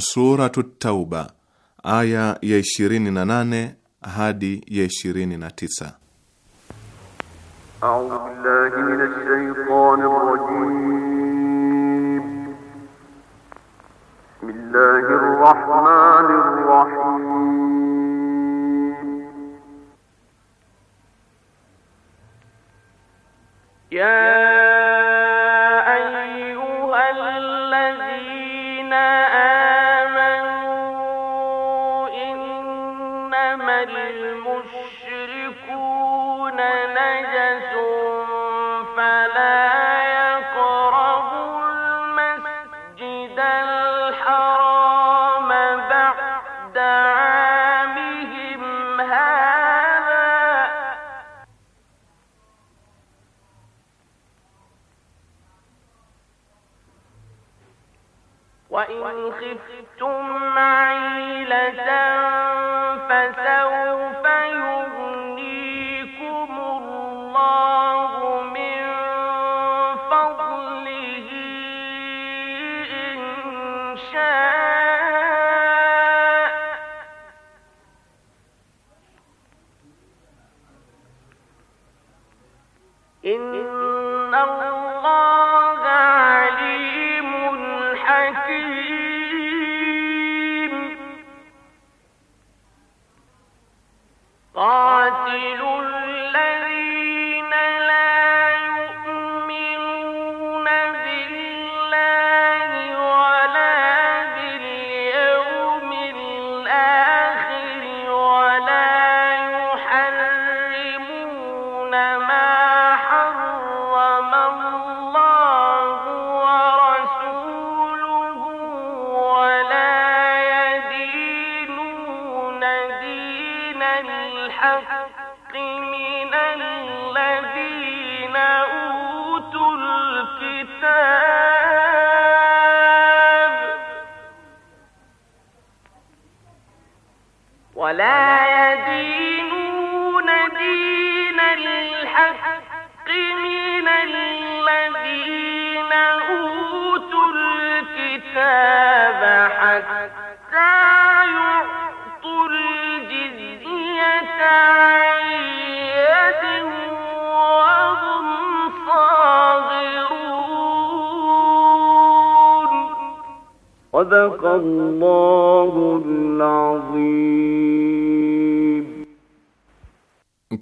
Suratu Tauba aya ya ishirini na nane hadi ya ishirini na tisa minash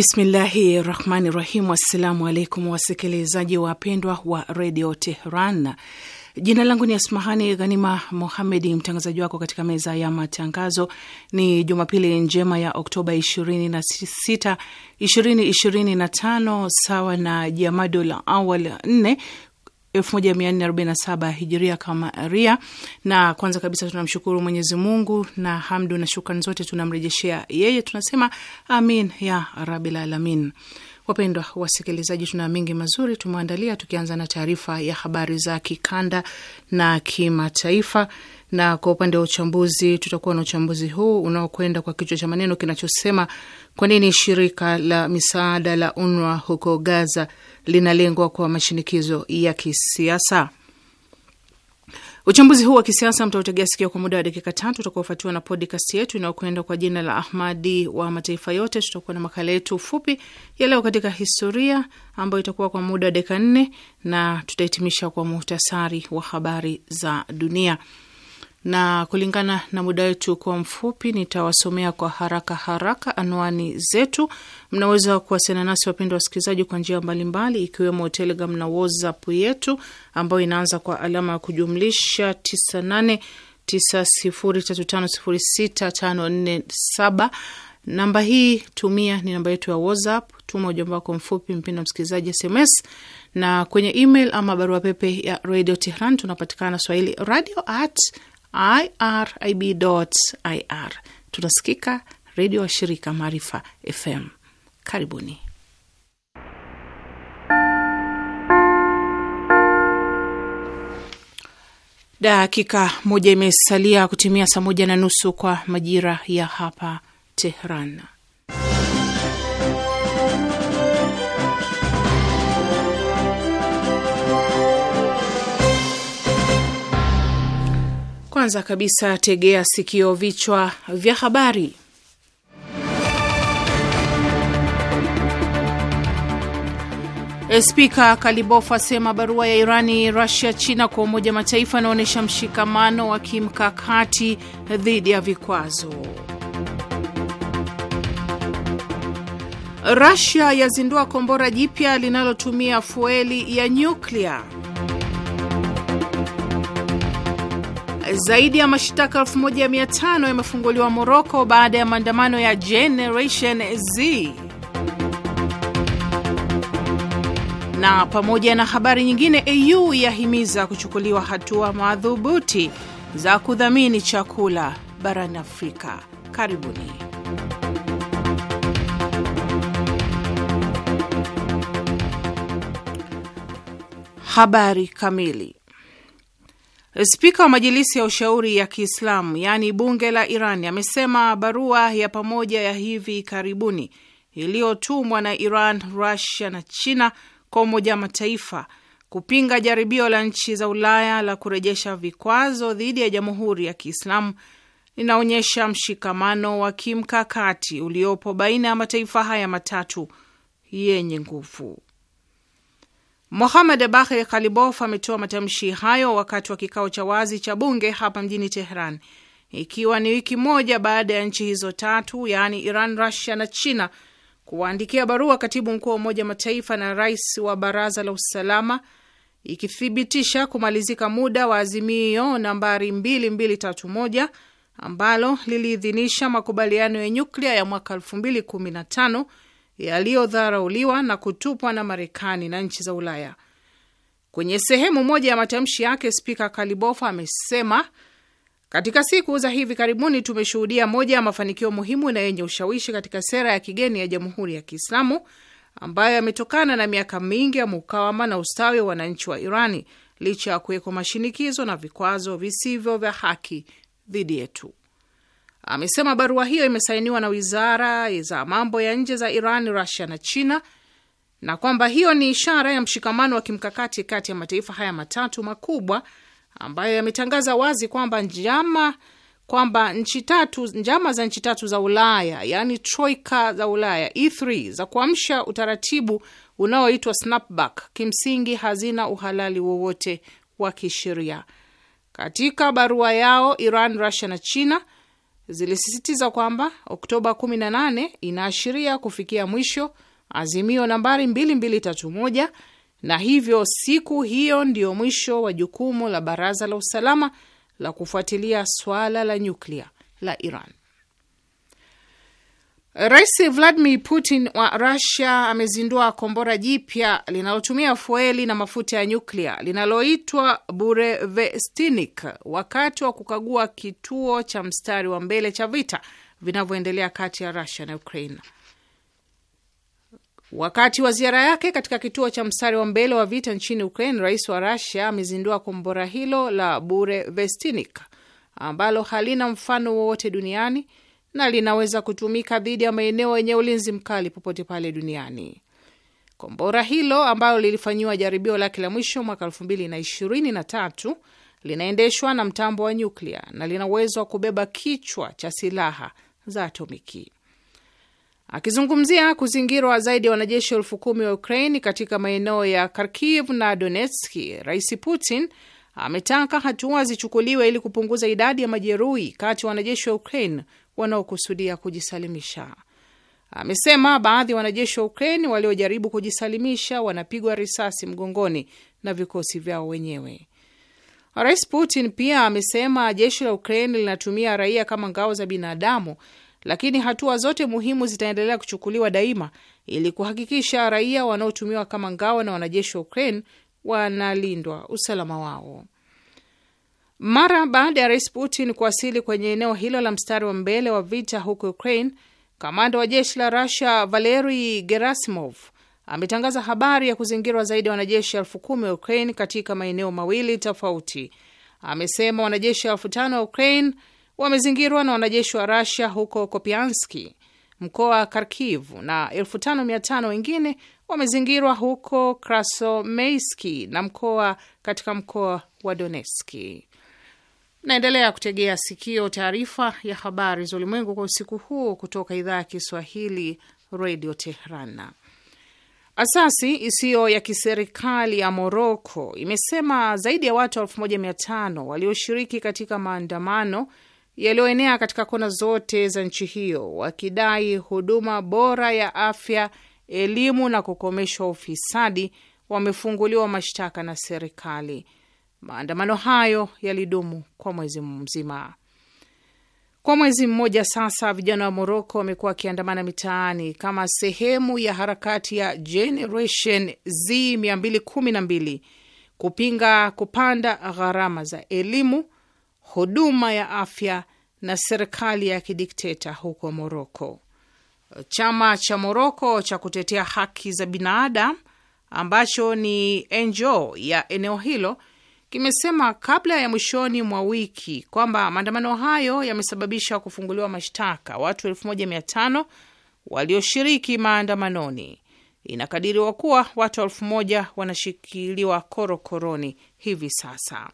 Bismillahi rahmani rahim. Assalamu alaikum wasikilizaji wapendwa wa redio Tehran. Jina langu ni Asmahani Ghanima Muhamedi, mtangazaji wako katika meza ya matangazo. Ni Jumapili njema ya Oktoba 26, 2025 sawa na Jamadul Awal 1447 hijiria kamaria. Na kwanza kabisa tunamshukuru Mwenyezi Mungu na hamdu na shukrani zote tunamrejeshea yeye, tunasema amin ya rabil alamin. Wapendwa wasikilizaji, tuna mengi mazuri tumeandalia, tukianza na taarifa ya habari za kikanda na kimataifa, na kwa upande wa uchambuzi tutakuwa na uchambuzi huu unaokwenda kwa kichwa cha maneno kinachosema kwa nini shirika la misaada la UNRWA huko Gaza linalengwa kwa mashinikizo ya kisiasa. Uchambuzi huu wa kisiasa mtautegea sikio kwa muda wa dakika tatu utakaofuatiwa na podcast yetu inayokwenda kwa jina la Ahmadi wa mataifa yote. Tutakuwa na makala yetu fupi ya leo katika historia ambayo itakuwa kwa muda wa dakika nne na tutahitimisha kwa muhtasari wa habari za dunia na kulingana na muda wetu kwa mfupi, nitawasomea kwa haraka haraka anwani zetu. Mnaweza kuwasiliana nasi, wapendwa wasikilizaji, kwa njia mbalimbali, ikiwemo Telegram na WhatsApp yetu ambayo inaanza kwa alama ya kujumlisha 989035065487. Namba hii tumia ni namba yetu ya WhatsApp. Tuma ujumbe wako mfupi, mpendwa msikilizaji, SMS na kwenye email ama barua pepe ya Radio Tehran tunapatikana swahili radio at irib.ir. Tunasikika redio wa shirika Maarifa FM. Karibuni. Dakika moja imesalia kutimia saa moja na nusu kwa majira ya hapa Tehran. Kwanza kabisa, tegea sikio, vichwa vya habari. Eh, Spika Kalibof asema barua ya Irani, Rusia, China kwa Umoja Mataifa anaonyesha mshikamano wa kimkakati dhidi ya vikwazo. Rusia yazindua kombora jipya linalotumia fueli ya nyuklia. Zaidi ya mashtaka 1500 yamefunguliwa Moroko baada ya maandamano ya Generation Z. Na pamoja na habari nyingine, AU yahimiza kuchukuliwa hatua madhubuti za kudhamini chakula barani Afrika. Karibuni. Habari kamili. Eh, Spika wa Majilisi ya Ushauri ya Kiislamu yaani bunge la Iran amesema barua ya pamoja ya hivi karibuni iliyotumwa na Iran, Rusia na China kwa Umoja wa Mataifa kupinga jaribio la nchi za Ulaya la kurejesha vikwazo dhidi ya Jamhuri ya Kiislamu inaonyesha mshikamano wa kimkakati uliopo baina ya mataifa haya matatu yenye nguvu. Mohamed Bahe Kalibof ametoa matamshi hayo wakati wa kikao cha wazi cha bunge hapa mjini Tehran, ikiwa ni wiki moja baada ya nchi hizo tatu, yaani Iran, Rusia na China, kuwaandikia barua katibu mkuu wa Umoja Mataifa na rais wa Baraza la Usalama ikithibitisha kumalizika muda wa azimio nambari 2231 ambalo liliidhinisha makubaliano ya nyuklia ya mwaka 2015 yaliyodharauliwa na kutupwa na Marekani na nchi za Ulaya. Kwenye sehemu moja ya matamshi yake, spika Kalibofa amesema katika siku za hivi karibuni tumeshuhudia moja ya mafanikio muhimu na yenye ushawishi katika sera ya kigeni ya Jamhuri ya Kiislamu ambayo yametokana na miaka mingi ya mukawama na ustawi wa wananchi wa Irani licha ya kuwekwa mashinikizo na vikwazo visivyo vya haki dhidi yetu amesema barua hiyo imesainiwa na wizara za mambo ya nje za Iran, Rusia na China na kwamba hiyo ni ishara ya mshikamano wa kimkakati kati ya mataifa haya matatu makubwa ambayo yametangaza wazi kwamba njama kwamba nchi tatu njama za nchi tatu za Ulaya yaani troika za Ulaya E3 za kuamsha utaratibu unaoitwa snapback kimsingi hazina uhalali wowote wa kisheria. Katika barua yao, Iran, Russia na China zilisisitiza kwamba Oktoba 18 inaashiria kufikia mwisho azimio nambari 2231 na hivyo siku hiyo ndiyo mwisho wa jukumu la Baraza la Usalama la kufuatilia swala la nyuklia la Iran. Rais Vladimir Putin wa Russia amezindua kombora jipya linalotumia fueli na mafuta ya nyuklia linaloitwa Burevestnik wakati wa kukagua kituo cha mstari wa mbele cha vita vinavyoendelea kati ya Russia na Ukraine. Wakati wa ziara yake katika kituo cha mstari wa mbele wa vita nchini Ukraine, rais wa Rusia amezindua kombora hilo la Burevestnik ambalo halina mfano wowote duniani na linaweza kutumika dhidi ya maeneo yenye ulinzi mkali popote pale duniani. Kombora hilo ambalo lilifanyiwa jaribio lake la mwisho mwaka 2023 linaendeshwa na mtambo wa nyuklia na lina uwezo wa kubeba kichwa cha silaha za atomiki. Akizungumzia kuzingirwa zaidi ya wanajeshi elfu kumi wa Ukraini katika maeneo ya Kharkiv na Donetski, Rais Putin ametaka hatua zichukuliwe ili kupunguza idadi ya majeruhi kati ya wanajeshi wa Ukraine wanaokusudia kujisalimisha. Amesema baadhi ya wanajeshi wa Ukraine waliojaribu kujisalimisha wanapigwa risasi mgongoni na vikosi vyao wenyewe. Rais Putin pia amesema jeshi la Ukraine linatumia raia kama ngao za binadamu, lakini hatua zote muhimu zitaendelea kuchukuliwa daima ili kuhakikisha raia wanaotumiwa kama ngao na wanajeshi wa Ukraine wanalindwa usalama wao. Mara baada ya rais Putin kuwasili kwenye eneo hilo la mstari wa mbele wa vita huko Ukraine, kamanda wa jeshi la Rusia Valeri Gerasimov ametangaza habari ya kuzingirwa zaidi ya wanajeshi elfu kumi wa Ukraine katika maeneo mawili tofauti. Amesema wanajeshi elfu tano wa Ukraine wamezingirwa na wanajeshi wa Rusia huko Kopianski, mkoa wa Kharkiv, na elfu tano mia tano wengine wamezingirwa huko Krasomeiski na mkoa katika mkoa wa Donetski. Naendelea kutegea sikio taarifa ya habari za ulimwengu kwa usiku huu kutoka idhaa ya Kiswahili Radio Tehran. Asasi isiyo ya kiserikali ya Moroko imesema zaidi ya watu 1500 walioshiriki katika maandamano yaliyoenea katika kona zote za nchi hiyo wakidai huduma bora ya afya, elimu na kukomeshwa ufisadi wamefunguliwa mashtaka na serikali. Maandamano hayo yalidumu kwa mwezi mzima. Kwa mwezi mmoja sasa, vijana wa Moroko wamekuwa wakiandamana mitaani kama sehemu ya harakati ya Generation Z 212 kupinga kupanda gharama za elimu, huduma ya afya na serikali ya kidikteta huko Moroko. Chama cha Moroko cha kutetea haki za binadamu ambacho ni NGO ya eneo hilo kimesema kabla ya mwishoni mwa wiki kwamba maandamano hayo yamesababisha kufunguliwa mashtaka watu 15 walioshiriki maandamanoni. Inakadiriwa kuwa watu 1 wanashikiliwa korokoroni hivi sasa.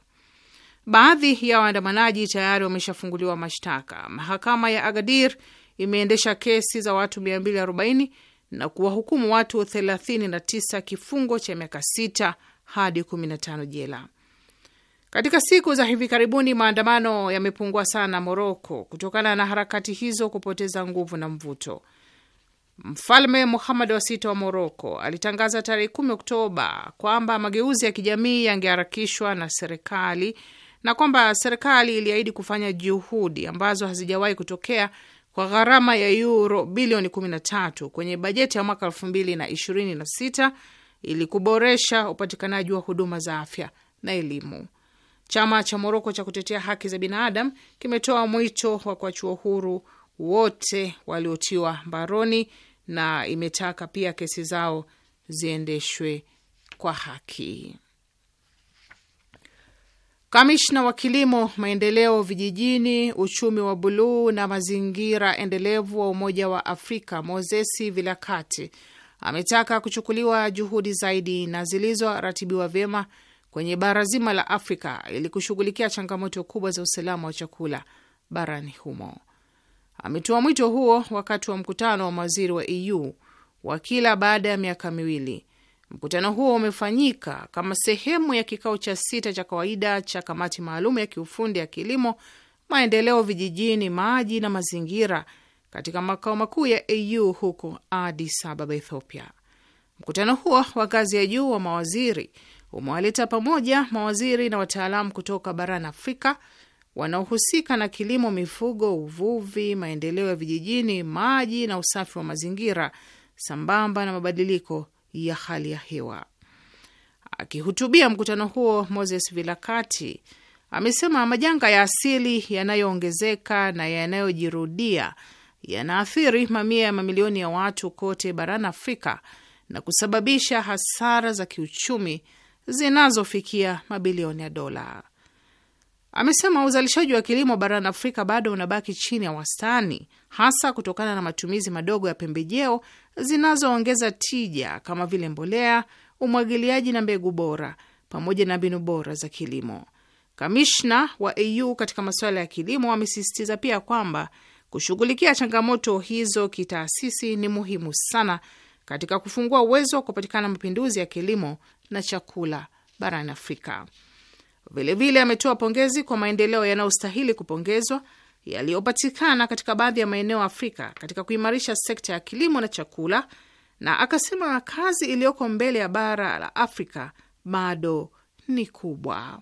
Baadhi ya waandamanaji tayari wameshafunguliwa mashtaka. Mahakama ya Agadir imeendesha kesi za watu 240 na kuwahukumu watu 39 kifungo cha miaka 6 hadi 15 jela. Katika siku za hivi karibuni maandamano yamepungua sana Moroko kutokana na harakati hizo kupoteza nguvu na mvuto. Mfalme Muhammad wa sita wa Moroko alitangaza tarehe kumi Oktoba kwamba mageuzi ya kijamii yangeharakishwa na serikali na kwamba serikali iliahidi kufanya juhudi ambazo hazijawahi kutokea kwa gharama ya yuro bilioni 13 kwenye bajeti ya mwaka sita ili kuboresha upatikanaji wa huduma za afya na elimu. Chama cha Moroko cha kutetea haki za binadamu kimetoa mwito wa kuachiwa huru wote waliotiwa mbaroni na imetaka pia kesi zao ziendeshwe kwa haki. Kamishna wa kilimo, maendeleo vijijini, uchumi wa buluu na mazingira endelevu wa Umoja wa Afrika Mozesi Vilakati ametaka kuchukuliwa juhudi zaidi na zilizoratibiwa vyema kwenye bara zima la Afrika ili kushughulikia changamoto kubwa za usalama wa chakula barani humo. Ametoa mwito huo wakati wa mkutano wa mawaziri wa EU wa kila baada ya miaka miwili. Mkutano huo umefanyika kama sehemu ya kikao cha sita cha kawaida cha kamati maalum ya kiufundi ya kilimo, maendeleo vijijini, maji na mazingira katika makao makuu ya EU huko Addis Ababa, Ethiopia. Mkutano huo wa ngazi ya juu wa mawaziri umewaleta pamoja mawaziri na wataalamu kutoka barani Afrika wanaohusika na kilimo, mifugo, uvuvi, maendeleo ya vijijini, maji na usafi wa mazingira, sambamba na mabadiliko ya hali ya hewa. Akihutubia mkutano huo, Moses Vilakati amesema majanga ya asili yanayoongezeka na yanayojirudia yanaathiri mamia ya mamilioni ya watu kote barani Afrika na kusababisha hasara za kiuchumi zinazofikia mabilioni ya dola. Amesema uzalishaji wa kilimo barani Afrika bado unabaki chini ya wastani, hasa kutokana na matumizi madogo ya pembejeo zinazoongeza tija kama vile mbolea, umwagiliaji na mbegu bora, pamoja na mbinu bora za kilimo. Kamishna wa EU katika masuala ya kilimo amesisitiza pia kwamba kushughulikia changamoto hizo kitaasisi ni muhimu sana katika kufungua uwezo wa kupatikana mapinduzi ya kilimo na chakula barani Afrika. Vilevile ametoa pongezi kwa maendeleo yanayostahili kupongezwa yaliyopatikana katika baadhi ya maeneo Afrika katika kuimarisha sekta ya kilimo na chakula, na akasema kazi iliyoko mbele ya bara la Afrika bado ni kubwa.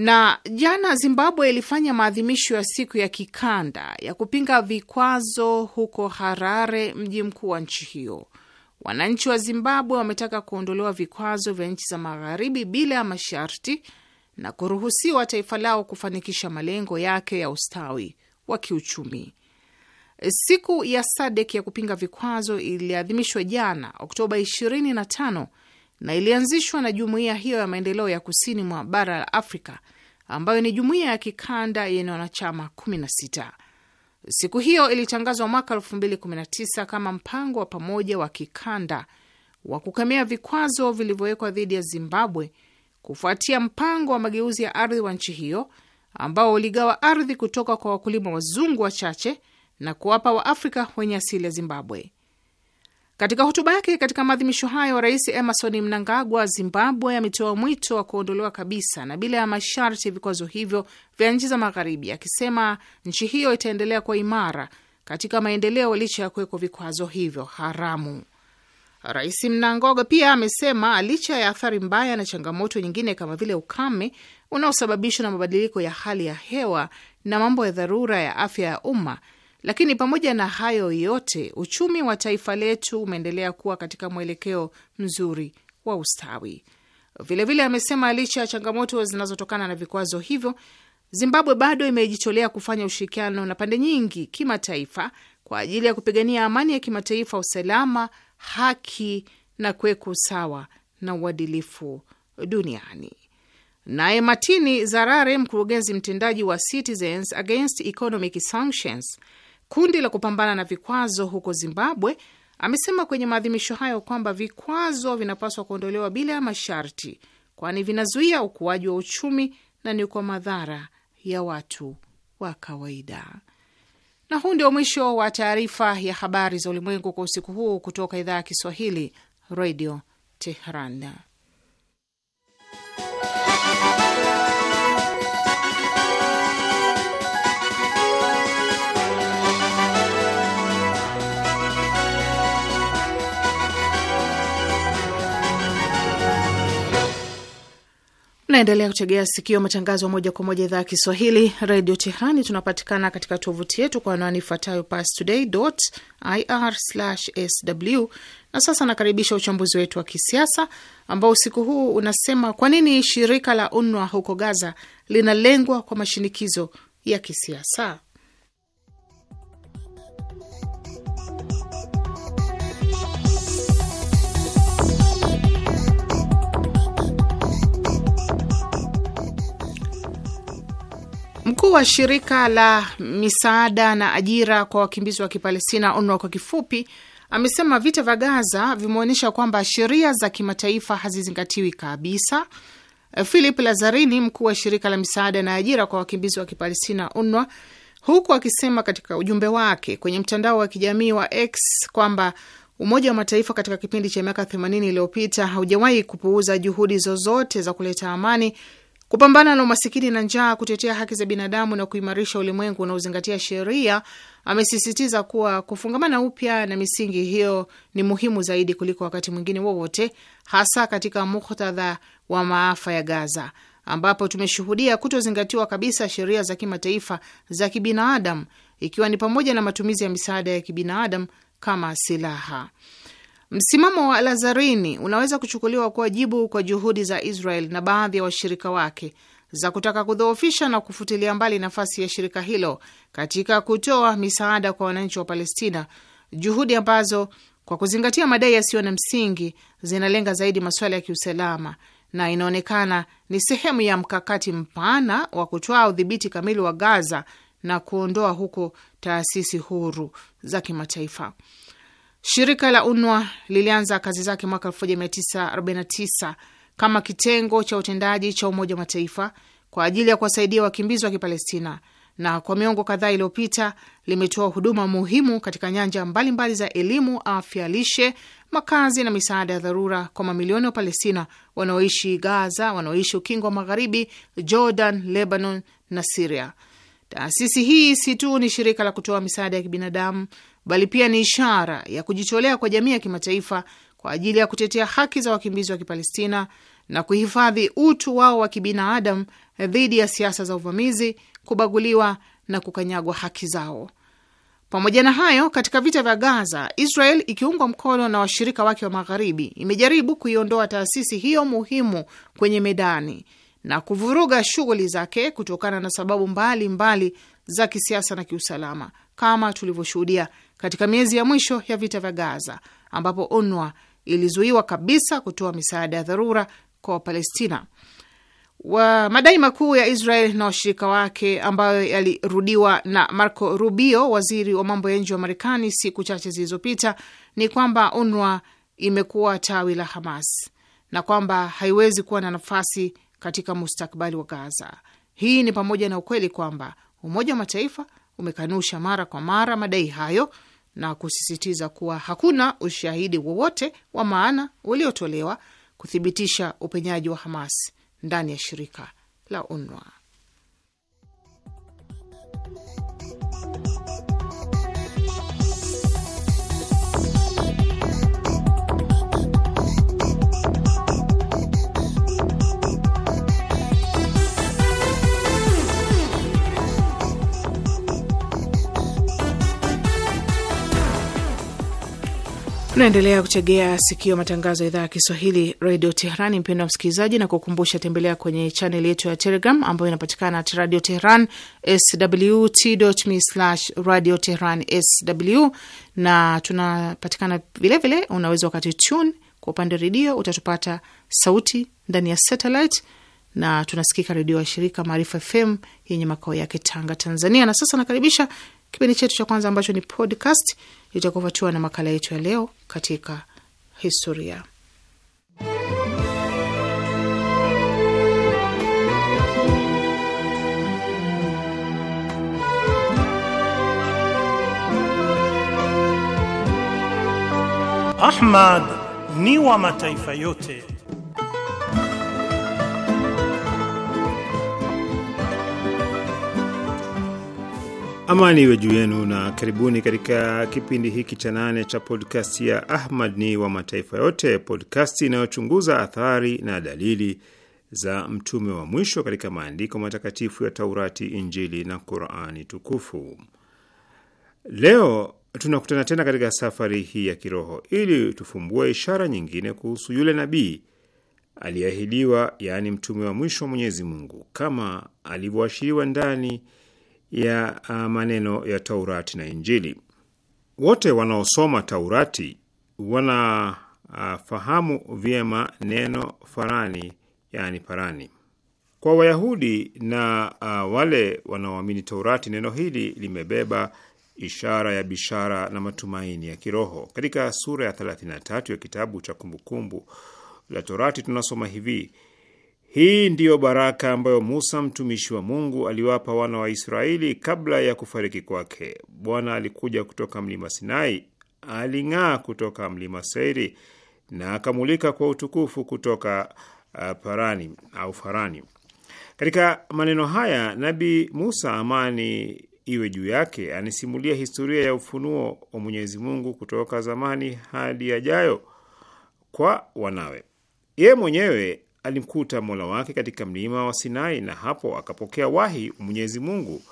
Na jana Zimbabwe ilifanya maadhimisho ya siku ya kikanda ya kupinga vikwazo huko Harare, mji mkuu wa nchi hiyo. Wananchi wa Zimbabwe wametaka kuondolewa vikwazo vya nchi za magharibi bila ya masharti na kuruhusiwa taifa lao kufanikisha malengo yake ya ustawi wa kiuchumi. Siku ya SADC ya kupinga vikwazo iliadhimishwa jana Oktoba 25 na ilianzishwa na jumuiya hiyo ya maendeleo ya kusini mwa bara la Afrika ambayo ni jumuiya ya kikanda yenye wanachama 16. Siku hiyo ilitangazwa mwaka 2019 kama mpango wa pamoja wa kikanda wa kukemea vikwazo vilivyowekwa dhidi ya Zimbabwe kufuatia mpango wa mageuzi ya ardhi wa nchi hiyo ambao uligawa ardhi kutoka kwa wakulima wazungu wachache na kuwapa Waafrika wenye asili ya Zimbabwe. Katika hotuba yake katika maadhimisho hayo, Rais Emerson Mnangagwa Zimbabwe ametoa mwito wa kuondolewa kabisa na bila ya masharti vikwazo hivyo vya nchi za Magharibi, akisema nchi hiyo itaendelea kwa imara katika maendeleo licha ya kuwekwa vikwazo hivyo haramu. Rais Mnangagwa pia amesema licha ya athari mbaya na changamoto nyingine kama vile ukame unaosababishwa na mabadiliko ya hali ya hewa na mambo ya dharura ya afya ya umma lakini pamoja na hayo yote, uchumi wa taifa letu umeendelea kuwa katika mwelekeo mzuri wa ustawi. Vilevile vile amesema licha ya changamoto zinazotokana na vikwazo hivyo, Zimbabwe bado imejitolea kufanya ushirikiano na pande nyingi kimataifa kwa ajili ya kupigania amani ya kimataifa, usalama, haki na kuweka usawa na uadilifu duniani. Naye Martini Zarare, mkurugenzi mtendaji wa Citizens Against Economic Sanctions, Kundi la kupambana na vikwazo huko Zimbabwe amesema kwenye maadhimisho hayo kwamba vikwazo vinapaswa kuondolewa bila ya masharti, kwani vinazuia ukuaji wa uchumi na ni kwa madhara ya watu wa kawaida. Na huu ndio mwisho wa taarifa ya habari za ulimwengu kwa usiku huu kutoka idhaa ya Kiswahili, Radio Tehran. Naendelea kuchegea sikio matangazo ya moja kwa moja idhaa ya Kiswahili redio Tehrani. Tunapatikana katika tovuti yetu kwa anwani ifuatayo parstoday.ir/sw. Na sasa nakaribisha uchambuzi wetu wa kisiasa ambao usiku huu unasema kwa nini shirika la UNWA huko Gaza linalengwa kwa mashinikizo ya kisiasa. Mkuu wa shirika la misaada na ajira kwa wakimbizi wa Kipalestina, UNRWA kwa kifupi, amesema vita vya Gaza vimeonyesha kwamba sheria za kimataifa hazizingatiwi kabisa. Philip Lazarini, mkuu wa shirika la misaada na ajira kwa wakimbizi wa Kipalestina, UNRWA, huku akisema katika ujumbe wake kwenye mtandao wa kijamii wa X kwamba Umoja wa Mataifa katika kipindi cha miaka 80 iliyopita haujawahi kupuuza juhudi zozote za kuleta amani kupambana na umasikini na njaa, kutetea haki za binadamu na kuimarisha ulimwengu unaozingatia sheria. Amesisitiza kuwa kufungamana upya na misingi hiyo ni muhimu zaidi kuliko wakati mwingine wowote, hasa katika muktadha wa maafa ya Gaza ambapo tumeshuhudia kutozingatiwa kabisa sheria za kimataifa za kibinadamu, ikiwa ni pamoja na matumizi ya misaada ya kibinadamu kama silaha. Msimamo wa Lazarini unaweza kuchukuliwa kuwa jibu kwa juhudi za Israel na baadhi ya wa washirika wake za kutaka kudhoofisha na kufutilia mbali nafasi ya shirika hilo katika kutoa misaada kwa wananchi wa Palestina, juhudi ambazo kwa kuzingatia madai yasiyo na msingi zinalenga zaidi masuala ya kiusalama na inaonekana ni sehemu ya mkakati mpana wa kutoa udhibiti kamili wa Gaza na kuondoa huko taasisi huru za kimataifa. Shirika la UNWA lilianza kazi zake mwaka 1949 kama kitengo cha utendaji cha Umoja wa Mataifa kwa ajili ya kuwasaidia wakimbizi wa Kipalestina, na kwa miongo kadhaa iliyopita limetoa huduma muhimu katika nyanja mbalimbali mbali za elimu, afya, lishe, makazi na misaada ya dharura kwa mamilioni wa Palestina wanaoishi Gaza, wanaoishi Ukingo wa Magharibi, Jordan, Lebanon na Siria. Taasisi hii si tu ni shirika la kutoa misaada ya kibinadamu bali pia ni ishara ya kujitolea kwa jamii ya kimataifa kwa ajili ya kutetea haki za wakimbizi wa Kipalestina na kuhifadhi utu wao wa kibinadamu dhidi ya siasa za uvamizi, kubaguliwa na kukanyagwa haki zao. Pamoja na hayo, katika vita vya Gaza, Israel ikiungwa mkono na washirika wake wa Magharibi imejaribu kuiondoa taasisi hiyo muhimu kwenye medani na kuvuruga shughuli zake kutokana na sababu mbalimbali mbali za kisiasa na kiusalama kama tulivyoshuhudia katika miezi ya mwisho ya vita vya Gaza, ambapo UNWA ilizuiwa kabisa kutoa misaada ya dharura kwa Wapalestina. Wa madai makuu ya Israel na washirika wake ambayo yalirudiwa na Marco Rubio, waziri wa mambo ya nje wa Marekani, siku chache zilizopita ni kwamba UNWA imekuwa tawi la Hamas na kwamba haiwezi kuwa na nafasi katika mustakabali wa Gaza. Hii ni pamoja na ukweli kwamba Umoja wa Mataifa umekanusha mara kwa mara madai hayo na kusisitiza kuwa hakuna ushahidi wowote wa maana uliotolewa kuthibitisha upenyaji wa Hamas ndani ya shirika la UNRWA. Unaendelea kutegea sikio matangazo ya idhaa ya Kiswahili Radio Teherani, mpendo wa msikilizaji, na kukumbusha tembelea kwenye chanel yetu ya Telegram ambayo inapatikana at radio Teheran swt.me radio Tehran sw, na tunapatikana vilevile. Unaweza wakati tune kwa upande redio utatupata sauti ndani ya satellite na tunasikika redio wa shirika Maarifa FM yenye makao yake Tanga, Tanzania. Na sasa nakaribisha kipindi chetu cha kwanza ambacho ni podcast, itakufuatiwa na makala yetu ya leo katika historia. Ahmad ni wa mataifa yote. Amani iwe juu yenu na karibuni katika kipindi hiki cha nane cha podcast ya Ahmad ni wa mataifa yote, podcast inayochunguza athari na dalili za mtume wa mwisho katika maandiko matakatifu ya Taurati, Injili na Qurani Tukufu. Leo tunakutana tena katika safari hii ya kiroho ili tufumbue ishara nyingine kuhusu yule nabii aliyeahidiwa, yaani mtume wa mwisho wa Mwenyezi Mungu kama alivyoashiriwa ndani ya uh, maneno ya Taurati na Injili. Wote wanaosoma Taurati wanafahamu uh, vyema neno farani, yani parani. Kwa Wayahudi na a, uh, wale wanaoamini Taurati, neno hili limebeba ishara ya bishara na matumaini ya kiroho. Katika sura ya 33 ya kitabu cha Kumbukumbu la Torati tunasoma hivi: hii ndiyo baraka ambayo Musa mtumishi wa Mungu aliwapa wana wa Israeli kabla ya kufariki kwake. Bwana alikuja kutoka mlima Sinai, aling'aa kutoka mlima Seiri na akamulika kwa utukufu kutoka uh, parani au Farani. Katika maneno haya Nabii Musa, amani iwe juu yake, anisimulia historia ya ufunuo wa Mwenyezi Mungu kutoka zamani hadi yajayo kwa wanawe. Yeye mwenyewe alimkuta mola wake katika mlima wa Sinai na hapo akapokea wahi Mwenyezi Mungu.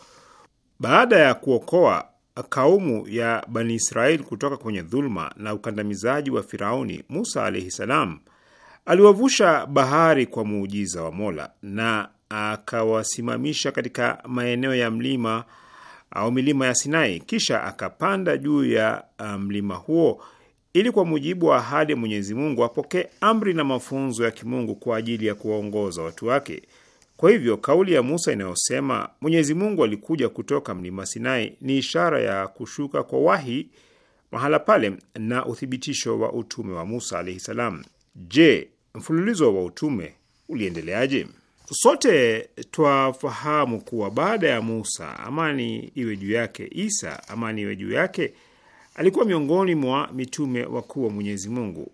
Baada ya kuokoa kaumu ya Bani Israeli kutoka kwenye dhuluma na ukandamizaji wa Firauni, Musa alaihi salam aliwavusha bahari kwa muujiza wa mola na akawasimamisha katika maeneo ya mlima au milima ya Sinai, kisha akapanda juu ya um, mlima huo ili kwa mujibu wa ahadi ya Mwenyezi Mungu apokee amri na mafunzo ya kimungu kwa ajili ya kuwaongoza watu wake. Kwa hivyo kauli ya Musa inayosema Mwenyezi Mungu alikuja kutoka mlima Sinai ni ishara ya kushuka kwa wahi mahala pale na uthibitisho wa utume wa Musa alaihi salam. Je, mfululizo wa utume uliendeleaje? Sote twafahamu kuwa baada ya Musa, amani iwe juu yake, Isa, amani iwe juu yake, Alikuwa miongoni mwa mitume wakuu wa Mwenyezi Mungu.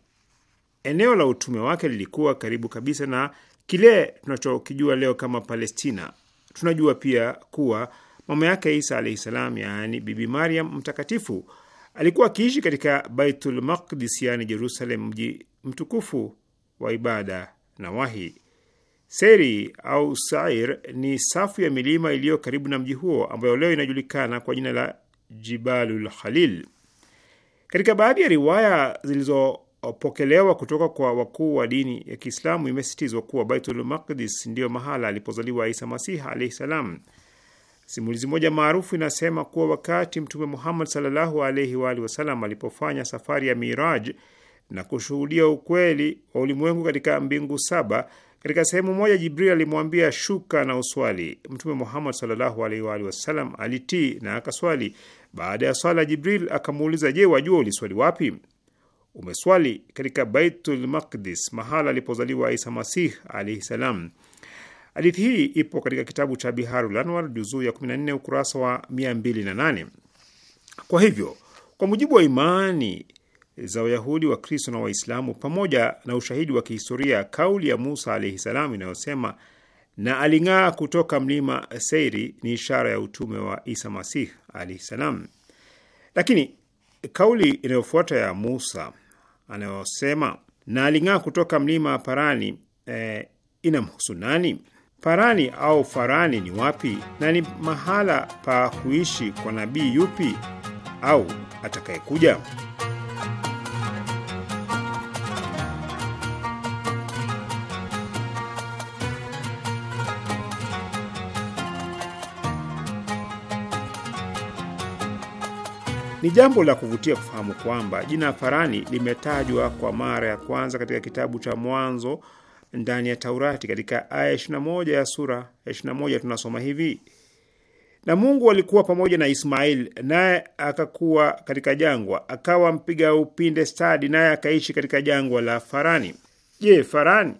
Eneo la utume wake lilikuwa karibu kabisa na kile tunachokijua leo kama Palestina. Tunajua pia kuwa mama yake Isa alahi salam, yaani Bibi Mariam mtakatifu, alikuwa akiishi katika Baitul Maqdis, yaani Jerusalem, mji mtukufu wa ibada na wahi. Seri au Sair ni safu ya milima iliyo karibu na mji huo ambayo leo inajulikana kwa jina la Jibalul Khalil. Katika baadhi ya riwaya zilizopokelewa kutoka kwa wakuu wa dini ya Kiislamu imesitizwa kuwa Baitul Maqdis ndiyo mahala alipozaliwa Isa Masiha alaihi salam. Simulizi moja maarufu inasema kuwa wakati Mtume Muhammad sallallahu alaihi wa alihi wasallam alipofanya safari ya Miraj na kushuhudia ukweli wa ulimwengu katika mbingu saba, katika sehemu moja Jibril alimwambia shuka na uswali. Mtume Muhammad sallallahu alaihi wa alihi wasallam alitii na akaswali. Baada ya swala, Jibril akamuuliza, je, wajua uliswali wapi? Umeswali katika Baitul Maqdis, mahala alipozaliwa Isa Masih alaihi salam. Hadithi hii ipo katika kitabu cha Biharul Anwar juzuu ya 14 ukurasa wa 208. Kwa hivyo, kwa mujibu wa imani za Wayahudi, Wakristo na Waislamu pamoja na ushahidi wa kihistoria, kauli ya Musa alaihi salam inayosema na aling'aa kutoka mlima Seiri ni ishara ya utume wa Isa Masih alaihi salam. Lakini kauli inayofuata ya Musa anayosema na aling'aa kutoka mlima Parani eh, inamhusu nani? Parani au Farani ni wapi na ni mahala pa kuishi kwa nabii yupi au atakayekuja? Ni jambo la kuvutia kufahamu kwamba jina farani limetajwa kwa mara ya kwanza katika kitabu cha Mwanzo ndani ya Taurati. Katika aya 21 ya sura 21 tunasoma hivi: na Mungu alikuwa pamoja na Ismail, naye akakuwa katika jangwa, akawa mpiga upinde stadi, naye akaishi katika jangwa la Farani. Je, Farani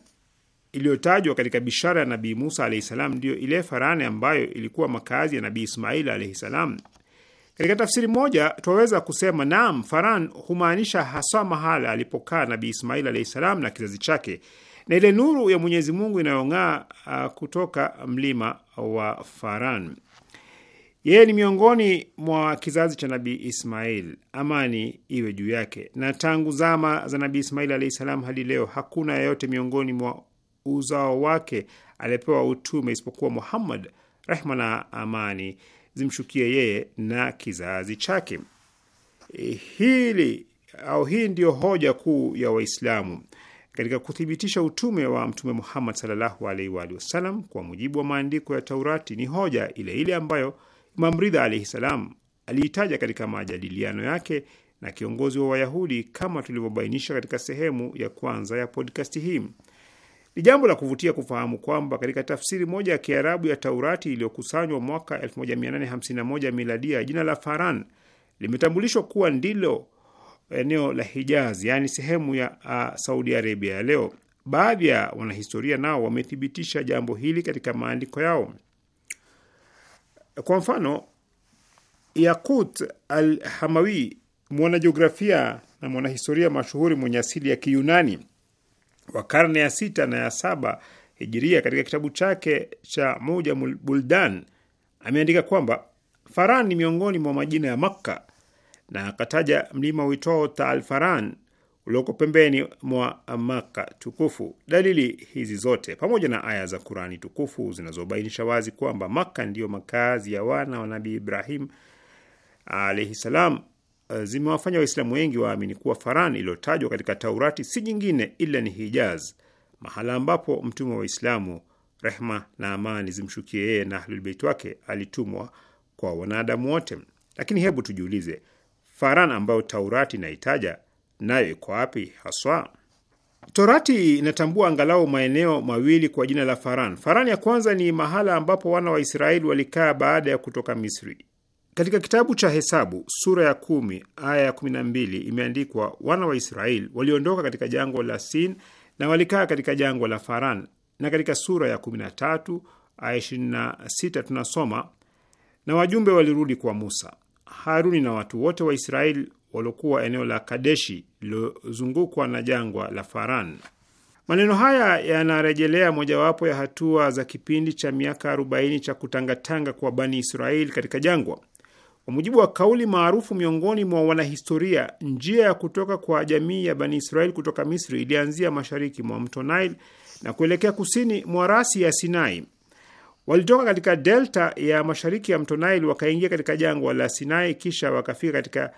iliyotajwa katika bishara ya Nabii Musa alahi salam ndiyo ile Farani ambayo ilikuwa makazi ya Nabii Ismail alahi salam? Katika tafsiri moja twaweza kusema naam, Faran humaanisha haswa mahala alipokaa nabi Ismail alahi salam na kizazi chake na ile nuru ya Mwenyezi Mungu inayong'aa uh, kutoka mlima wa Faran. Yeye ni miongoni mwa kizazi cha nabi Ismail, amani iwe juu yake, na tangu zama za nabi Ismail alahi salam hadi leo hakuna yeyote miongoni mwa uzao wake alipewa utume isipokuwa Muhammad, rehma na amani zimshukie yeye na kizazi chake. E, hili au hii ndiyo hoja kuu ya Waislamu katika kuthibitisha utume wa Mtume Muhammad sallallahu alaihi wa alihi wasallam kwa mujibu wa maandiko ya Taurati. Ni hoja ile ile ambayo Imam Ridha alaihi salam aliitaja katika majadiliano yake na kiongozi wa Wayahudi kama tulivyobainisha katika sehemu ya kwanza ya podkasti hii. Ni jambo la kuvutia kufahamu kwamba katika tafsiri moja ya Kiarabu ya Taurati iliyokusanywa mwaka 1851 miladia, jina la Faran limetambulishwa kuwa ndilo eneo la Hijaz, yaani sehemu ya uh, Saudi Arabia ya leo. Baadhi ya wanahistoria nao wamethibitisha jambo hili katika maandiko yao. Kwa mfano, Yakut al-Hamawi, mwanajiografia na mwanahistoria mashuhuri mwenye asili ya Kiyunani wa karne ya sita na ya saba hijiria, katika kitabu chake cha Mujamul Buldan ameandika kwamba Faran ni miongoni mwa majina ya Makka na akataja mlima uitwao Taal Faran ulioko pembeni mwa Makka tukufu. Dalili hizi zote pamoja na aya za Kurani tukufu zinazobainisha wazi kwamba Makka ndiyo makazi ya wana wa Nabii Ibrahim alaihi salam Uh, zimewafanya Waislamu wengi waamini kuwa Faran iliyotajwa katika Taurati si jingine ila ni Hijaz, mahala ambapo mtume wa Waislamu, rehma na amani zimshukie yeye na Ahlulbeit wake, alitumwa kwa wanadamu wote. Lakini hebu tujiulize, Faran ambayo Taurati inaitaja nayo iko wapi haswa? Torati inatambua angalau maeneo mawili kwa jina la Faran. Faran ya kwanza ni mahala ambapo wana wa Israeli walikaa baada ya kutoka Misri. Katika kitabu cha Hesabu sura ya kumi aya ya kumi na mbili imeandikwa, wana wa Israeli waliondoka katika jangwa la Sin na walikaa katika jangwa la Faran. Na katika sura ya kumi na tatu aya ishirini na sita tunasoma, na wajumbe walirudi kwa Musa, Haruni na watu wote wa Israeli waliokuwa eneo la Kadeshi lilozungukwa na jangwa la Faran. Maneno haya yanarejelea mojawapo ya hatua za kipindi cha miaka 40 cha kutangatanga kwa Bani Israeli katika jangwa. Kwa mujibu wa kauli maarufu miongoni mwa wanahistoria, njia ya kutoka kwa jamii ya Bani Israeli kutoka Misri ilianzia mashariki mwa mto Nile na kuelekea kusini mwa rasi ya Sinai. Walitoka katika delta ya mashariki ya mto Nile wakaingia katika jangwa la Sinai, kisha wakafika katika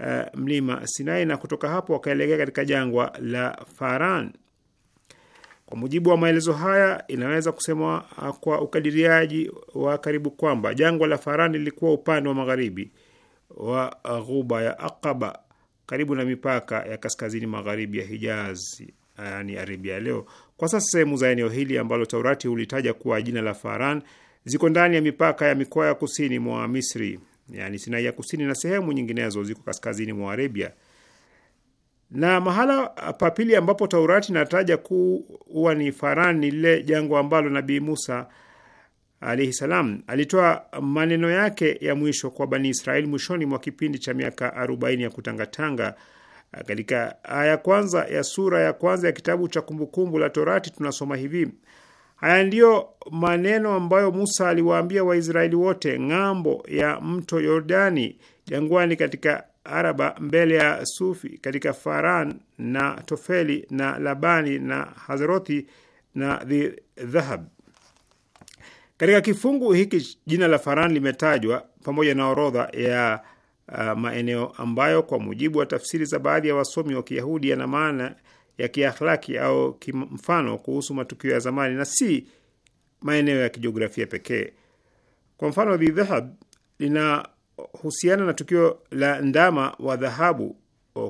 uh, mlima Sinai na kutoka hapo wakaelekea katika jangwa la Faran. Kwa mujibu wa maelezo haya, inaweza kusema ah, kwa ukadiriaji wa karibu kwamba jangwa la Faran lilikuwa upande wa magharibi wa ah, ghuba ya Aqaba karibu na mipaka ya kaskazini magharibi ya Hijazi, yani Arabia leo. Kwa sasa sehemu za eneo hili ambalo Taurati hulitaja kuwa jina la Faran ziko ndani ya mipaka ya mikoa ya kusini mwa Misri, yani Sinai ya kusini, na sehemu nyinginezo ziko kaskazini mwa Arabia na mahala uh, pa pili ambapo Taurati inataja kuwa ni Faran ni lile jangwa ambalo Nabii Musa alaihi salam alitoa maneno yake ya mwisho kwa Bani Israel mwishoni mwa kipindi cha miaka arobaini ya kutangatanga. Uh, katika aya kwanza ya sura ya kwanza ya kitabu cha Kumbukumbu la Torati tunasoma hivi: haya ndiyo maneno ambayo Musa aliwaambia Waisraeli wote ng'ambo ya mto Yordani jangwani, katika Araba mbele ya Sufi katika Faran na Tofeli na Labani na Hazerothi na Dhahab. Katika kifungu hiki jina la Faran limetajwa pamoja na orodha ya uh, maeneo ambayo kwa mujibu wa tafsiri za baadhi ya wasomi wa Kiyahudi yana maana ya kiakhlaki au kimfano kuhusu matukio ya zamani na si maeneo ya kijiografia pekee. Kwa mfano, Dhahab lina husiana na tukio la ndama wa dhahabu,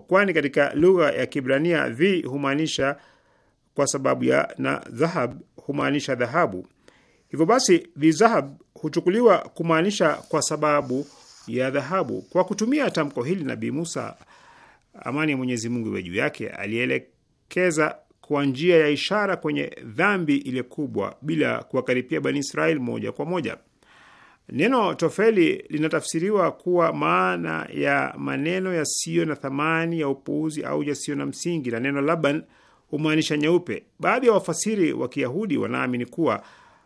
kwani katika lugha ya Kibrania vi humaanisha kwa sababu ya na dhahab humaanisha dhahabu. Hivyo basi vizahab huchukuliwa kumaanisha kwa sababu ya dhahabu. Kwa kutumia tamko hili, Nabii Musa, amani ya Mwenyezi Mungu iwe juu yake, alielekeza kwa njia ya ishara kwenye dhambi ile kubwa bila kuwakaripia Bani Israeli moja kwa moja. Neno tofeli linatafsiriwa kuwa maana ya maneno yasiyo na thamani ya upuuzi au yasiyo na msingi, na neno Laban humaanisha nyeupe. Baadhi ya wafasiri wa Kiyahudi wanaamini kuwa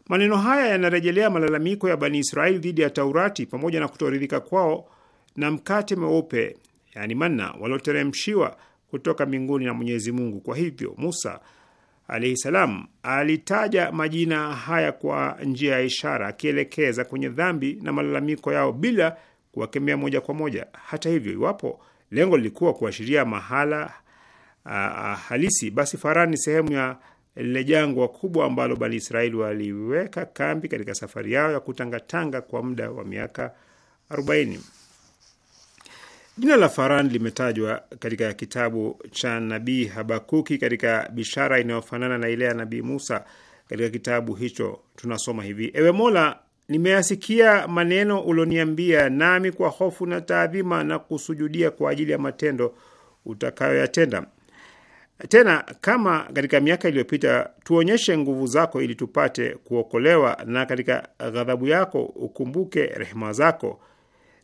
maneno haya yanarejelea malalamiko ya Bani Israeli dhidi ya Taurati pamoja na kutoridhika kwao na mkate mweupe, yani manna, walioteremshiwa kutoka mbinguni na Mwenyezi Mungu. Kwa hivyo Musa alaihi salam alitaja majina haya kwa njia ya ishara, akielekeza kwenye dhambi na malalamiko yao bila kuwakemea moja kwa moja. Hata hivyo, iwapo lengo lilikuwa kuashiria mahala a, a, halisi, basi Faran ni sehemu ya lile jangwa kubwa ambalo Bani Israeli waliweka kambi katika safari yao ya kutangatanga kwa muda wa miaka 40. Jina la Faran limetajwa katika kitabu cha nabii Habakuki katika bishara inayofanana na ile ya nabii Musa. Katika kitabu hicho tunasoma hivi: ewe Mola, nimeyasikia maneno ulioniambia, nami kwa hofu na taadhima na kusujudia kwa ajili ya matendo utakayoyatenda. Tena kama katika miaka iliyopita, tuonyeshe nguvu zako ili tupate kuokolewa, na katika ghadhabu yako ukumbuke rehema zako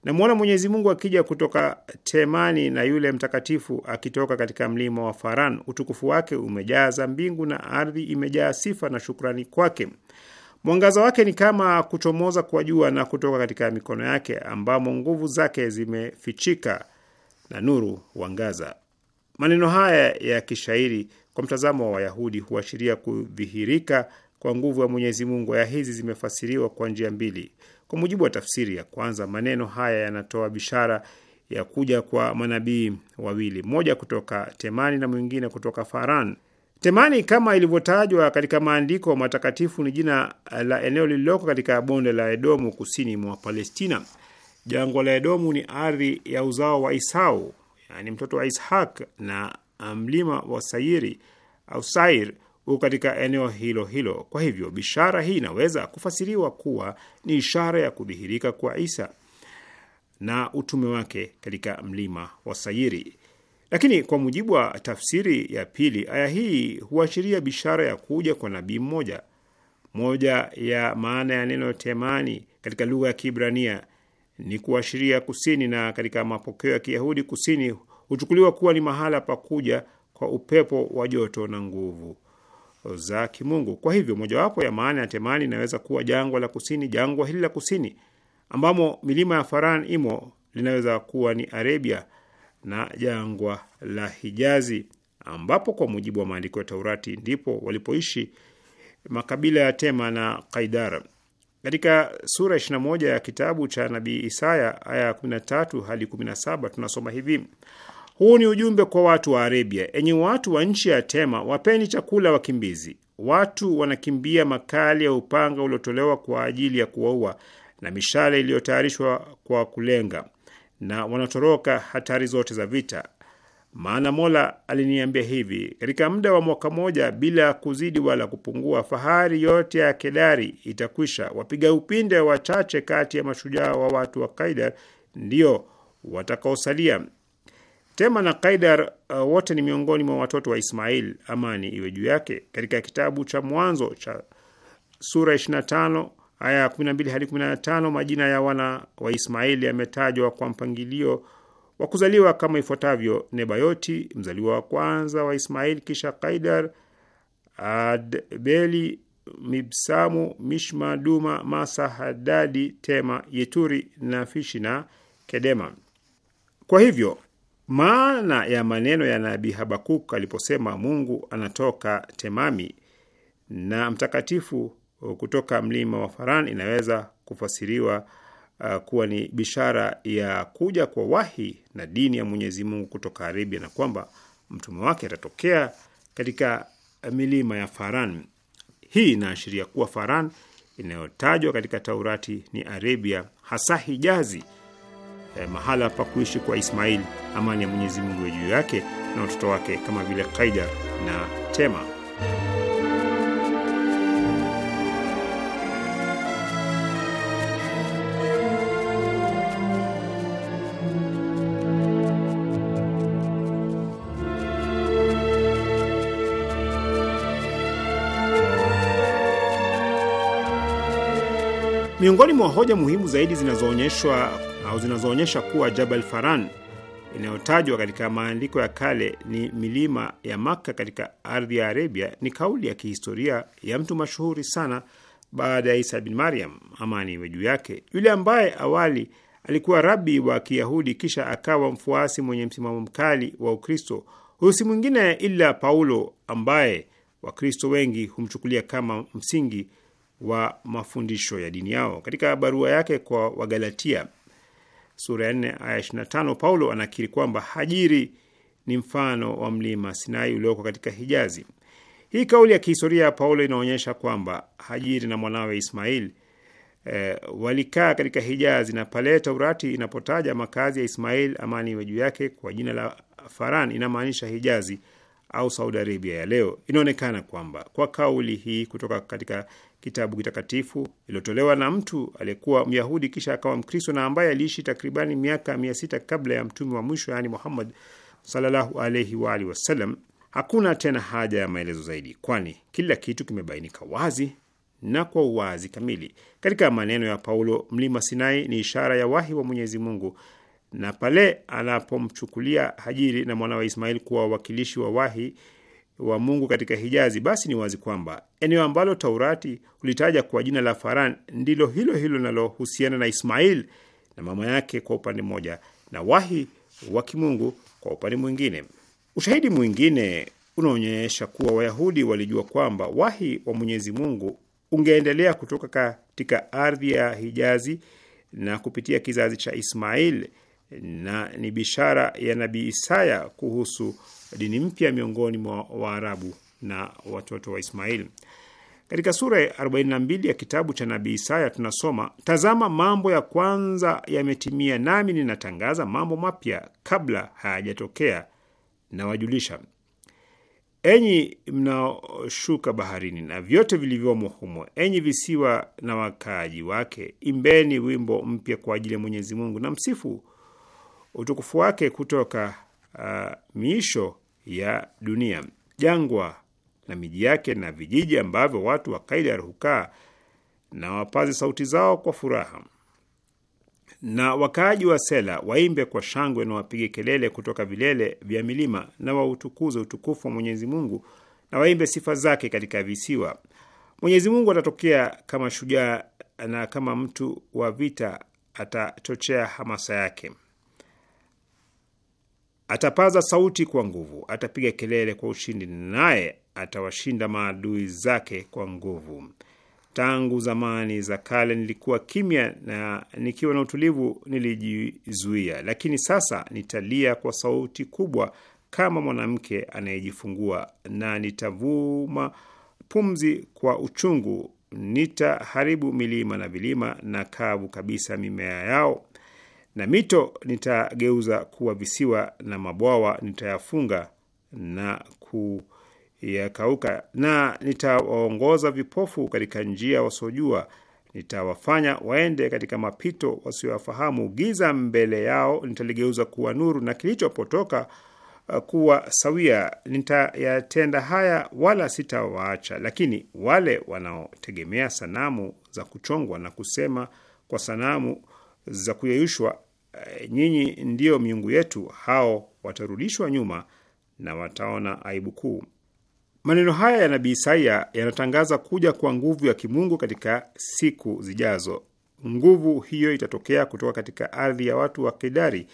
Namwona Mwenyezi Mungu akija kutoka Temani na yule mtakatifu akitoka katika mlima wa Faran. Utukufu wake umejaza mbingu na ardhi imejaa sifa na shukrani kwake. Mwangaza wake ni kama kuchomoza kwa jua na kutoka katika mikono yake, ambamo nguvu zake zimefichika na nuru huangaza. Maneno haya ya kishairi kwa mtazamo wa Wayahudi huashiria kudhihirika kwa nguvu ya Mwenyezi Mungu. Aya hizi zimefasiriwa kwa njia mbili. Kwa mujibu wa tafsiri ya kwanza, maneno haya yanatoa bishara ya kuja kwa manabii wawili, mmoja kutoka Temani na mwingine kutoka Faran. Temani kama ilivyotajwa katika maandiko matakatifu ni jina la eneo lililoko katika bonde la Edomu kusini mwa Palestina. Jangwa la Edomu ni ardhi ya uzao wa Isau, yani mtoto wa Ishak, na mlima wa Sairi au Sair katika eneo hilo hilo. Kwa hivyo bishara hii inaweza kufasiriwa kuwa ni ishara ya kudhihirika kwa Isa na utume wake katika mlima wa Sayiri. Lakini kwa mujibu wa tafsiri ya pili, aya hii huashiria bishara ya kuja kwa nabii mmoja. Moja ya maana ya neno Temani katika lugha ya Kiibrania ni kuashiria kusini, na katika mapokeo ya Kiyahudi kusini huchukuliwa kuwa ni mahala pa kuja kwa upepo wa joto na nguvu za kimungu. Kwa hivyo mojawapo ya maana ya Temani inaweza kuwa jangwa la kusini. Jangwa hili la kusini ambamo milima ya Faran imo linaweza kuwa ni Arabia na jangwa la Hijazi ambapo kwa mujibu wa maandiko ya Taurati ndipo walipoishi makabila ya Tema na Kaidara. Katika sura 21 ya kitabu cha Nabii Isaya aya ya 13 hadi 17 tunasoma hivi: huu ni ujumbe kwa watu wa Arabia: enyi watu wa nchi ya Tema, wapeni chakula wakimbizi. Watu wanakimbia makali ya upanga uliotolewa kwa ajili ya kuwaua na mishale iliyotayarishwa kwa kulenga, na wanatoroka hatari zote za vita. Maana Mola aliniambia hivi: katika muda wa mwaka moja, bila kuzidi wala kupungua, fahari yote ya Kedari itakwisha. Wapiga upinde wachache kati ya mashujaa wa watu wa Kaidar ndio watakaosalia. Tema na Kaidar uh, wote ni miongoni mwa watoto wa Ismail, amani iwe juu yake. Katika kitabu cha Mwanzo cha sura 25 aya ya 12 hadi 15, majina ya wana wa Ismail yametajwa kwa mpangilio wa kuzaliwa kama ifuatavyo: Nebayoti mzaliwa wa kwanza wa Ismail, kisha Kaidar, Adbeli, Mibsamu, Mishma, Duma, Masa, Hadadi, Tema, Yeturi, na Kedema. Kwa hivyo maana ya maneno ya nabii Habakuk aliposema Mungu anatoka Temami na mtakatifu uh, kutoka mlima wa Faran inaweza kufasiriwa uh, kuwa ni bishara ya kuja kwa wahi na dini ya Mwenyezi Mungu kutoka Arabia na kwamba mtume wake atatokea katika milima ya Faran. Hii inaashiria kuwa Faran inayotajwa katika Taurati ni Arabia, hasa Hijazi eh, mahala pa kuishi kwa Ismail, amani ya Mwenyezi Mungu ya juu yake na watoto wake, kama vile Kaidar na Tema. Miongoni mwa hoja muhimu zaidi zinazoonyeshwa au zinazoonyesha kuwa Jabal Faran inayotajwa katika maandiko ya kale ni milima ya Makka katika ardhi ya Arabia ni kauli ya kihistoria ya mtu mashuhuri sana baada ya Isa bin Mariam, amani iwe juu yake, yule ambaye awali alikuwa rabi wa Kiyahudi kisha akawa mfuasi mwenye msimamo mkali wa Ukristo. Huyu si mwingine ila Paulo ambaye Wakristo wengi humchukulia kama msingi wa mafundisho ya dini yao. Katika barua yake kwa Wagalatia sura ya 4 aya 25, Paulo anakiri kwamba Hajiri ni mfano wa mlima Sinai ulioko katika Hijazi. Hii kauli ya kihistoria ya Paulo inaonyesha kwamba Hajiri na mwanawe Ismail e, walikaa katika Hijazi, na pale Taurati inapotaja makazi ya Ismail, amani iwe juu yake, kwa jina la Faran, inamaanisha Hijazi au Saudi Arabia ya leo. Inaonekana kwamba kwa kauli hii kutoka katika kitabu kitakatifu iliyotolewa na mtu aliyekuwa Myahudi kisha akawa Mkristo na ambaye aliishi takribani miaka mia sita kabla ya mtume wa mwisho yaani Muhammad sallallahu alaihi wa alihi wasallam. Hakuna tena haja ya maelezo zaidi, kwani kila kitu kimebainika wazi na kwa uwazi kamili katika maneno ya Paulo. Mlima Sinai ni ishara ya wahi wa Mwenyezi Mungu, na pale anapomchukulia Hajiri na mwana wa Ismail kuwa wawakilishi wa wahi wa Mungu katika Hijazi, basi ni wazi kwamba eneo ambalo Taurati ulitaja kwa jina la Faran ndilo hilo hilo linalohusiana na Ismail na mama yake kwa upande mmoja na wahi wa kimungu kwa upande mwingine. Ushahidi mwingine unaonyesha kuwa Wayahudi walijua kwamba wahi wa Mwenyezi Mungu ungeendelea kutoka katika ardhi ya Hijazi na kupitia kizazi cha Ismail na ni bishara ya Nabii Isaya kuhusu dini mpya miongoni mwa Waarabu na watoto wa Ismail. Katika sura ya 42 ya kitabu cha nabii Isaya tunasoma, tazama mambo ya kwanza yametimia, nami ninatangaza mambo mapya kabla hayajatokea, nawajulisha enyi mnaoshuka baharini na vyote vilivyomo humo, enyi visiwa na wakaaji wake, imbeni wimbo mpya kwa ajili ya Mwenyezi Mungu na msifu utukufu wake kutoka uh, miisho ya dunia. Jangwa na miji yake na vijiji ambavyo watu wa Kaidar hukaa na wapaze sauti zao kwa furaha, na wakaaji wa Sela waimbe kwa shangwe na wapige kelele kutoka vilele vya milima, na wautukuze utukufu wa Mwenyezi Mungu na waimbe sifa zake katika visiwa. Mwenyezi Mungu atatokea kama shujaa na kama mtu wa vita, atachochea hamasa yake. Atapaza sauti kwa nguvu, atapiga kelele kwa ushindi, naye atawashinda maadui zake kwa nguvu. Tangu zamani za kale nilikuwa kimya, na nikiwa na utulivu nilijizuia, lakini sasa nitalia kwa sauti kubwa kama mwanamke anayejifungua, na nitavuma pumzi kwa uchungu. Nitaharibu milima na vilima na kavu kabisa mimea yao na mito nitageuza kuwa visiwa na mabwawa nitayafunga na kuyakauka, na nitawaongoza vipofu katika njia wasojua, nitawafanya waende katika mapito wasioyafahamu. Giza mbele yao nitaligeuza kuwa nuru, na kilichopotoka uh, kuwa sawia. Nitayatenda haya wala sitawaacha. Lakini wale wanaotegemea sanamu za kuchongwa na kusema kwa sanamu za kuyeyushwa Eh, nyinyi ndiyo miungu yetu, hao watarudishwa nyuma na wataona aibu kuu. Maneno haya ya nabii Isaia yanatangaza kuja kwa nguvu ya kimungu katika siku zijazo. Nguvu hiyo itatokea kutoka katika ardhi ya watu wa Kedari.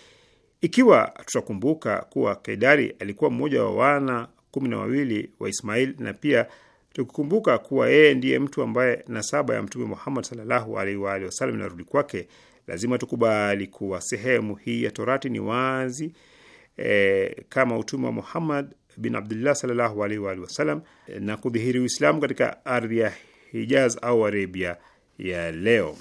Ikiwa tutakumbuka kuwa Kedari alikuwa mmoja wa wana kumi na wawili wa Ismail, na pia tukikumbuka kuwa yeye ndiye mtu ambaye nasaba ya Mtume Muhammad sallallahu alaihi wa alihi wasallam inarudi kwake, Lazima tukubali kuwa sehemu hii ya Torati ni wazi e, kama utume wa Muhammad bin Abdullah sallallahu alaihi wa alihi wasallam na kudhihiri Uislamu katika ardhi ya Hijaz au Arabia ya leo.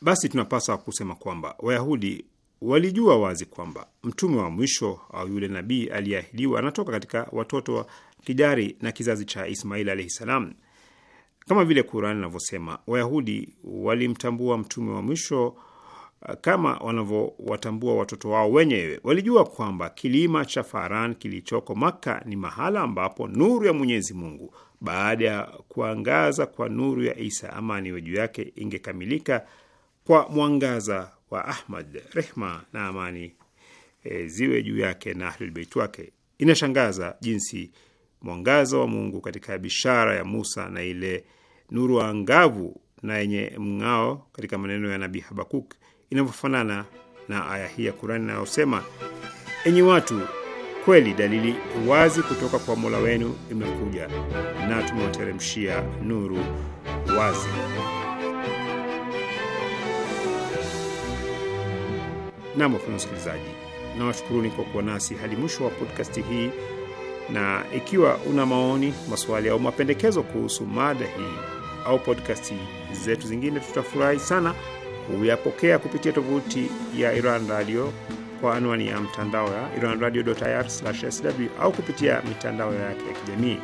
Basi tunapaswa kusema kwamba Wayahudi walijua wazi kwamba mtume wa mwisho au yule nabii aliyeahidiwa anatoka katika watoto wa kijari na kizazi cha Ismail alaihi salam. Kama vile Kurani inavyosema, Wayahudi walimtambua mtume wa mwisho kama wanavyowatambua watoto wao wenyewe. Walijua kwamba kilima cha Faran kilichoko Makka ni mahala ambapo nuru ya Mwenyezi Mungu baada ya kuangaza kwa nuru ya Isa, amani iwe juu yake, ingekamilika kwa mwangaza wa Ahmad, rehma na amani e, ziwe juu yake na ahlulbeit wake. Inashangaza jinsi mwangaza wa Mungu katika bishara ya Musa na ile nuru angavu na yenye mng'ao katika maneno ya Nabii Habakuk inavyofanana na aya hii ya Kurani inayosema: enyi watu, kweli dalili wazi kutoka kwa Mola wenu imekuja na tumewateremshia nuru wazi. Nam, wapenzi wasikilizaji, nawashukuruni kwa kuwa nasi hadi mwisho wa podkasti hii, na ikiwa una maoni, maswali au mapendekezo kuhusu mada hii au podkasti zetu zingine, tutafurahi sana huyapokea kupitia tovuti ya Iran Radio kwa anwani ya mtandao ya iranradio.ir/sw au kupitia mitandao yake ya kijamii.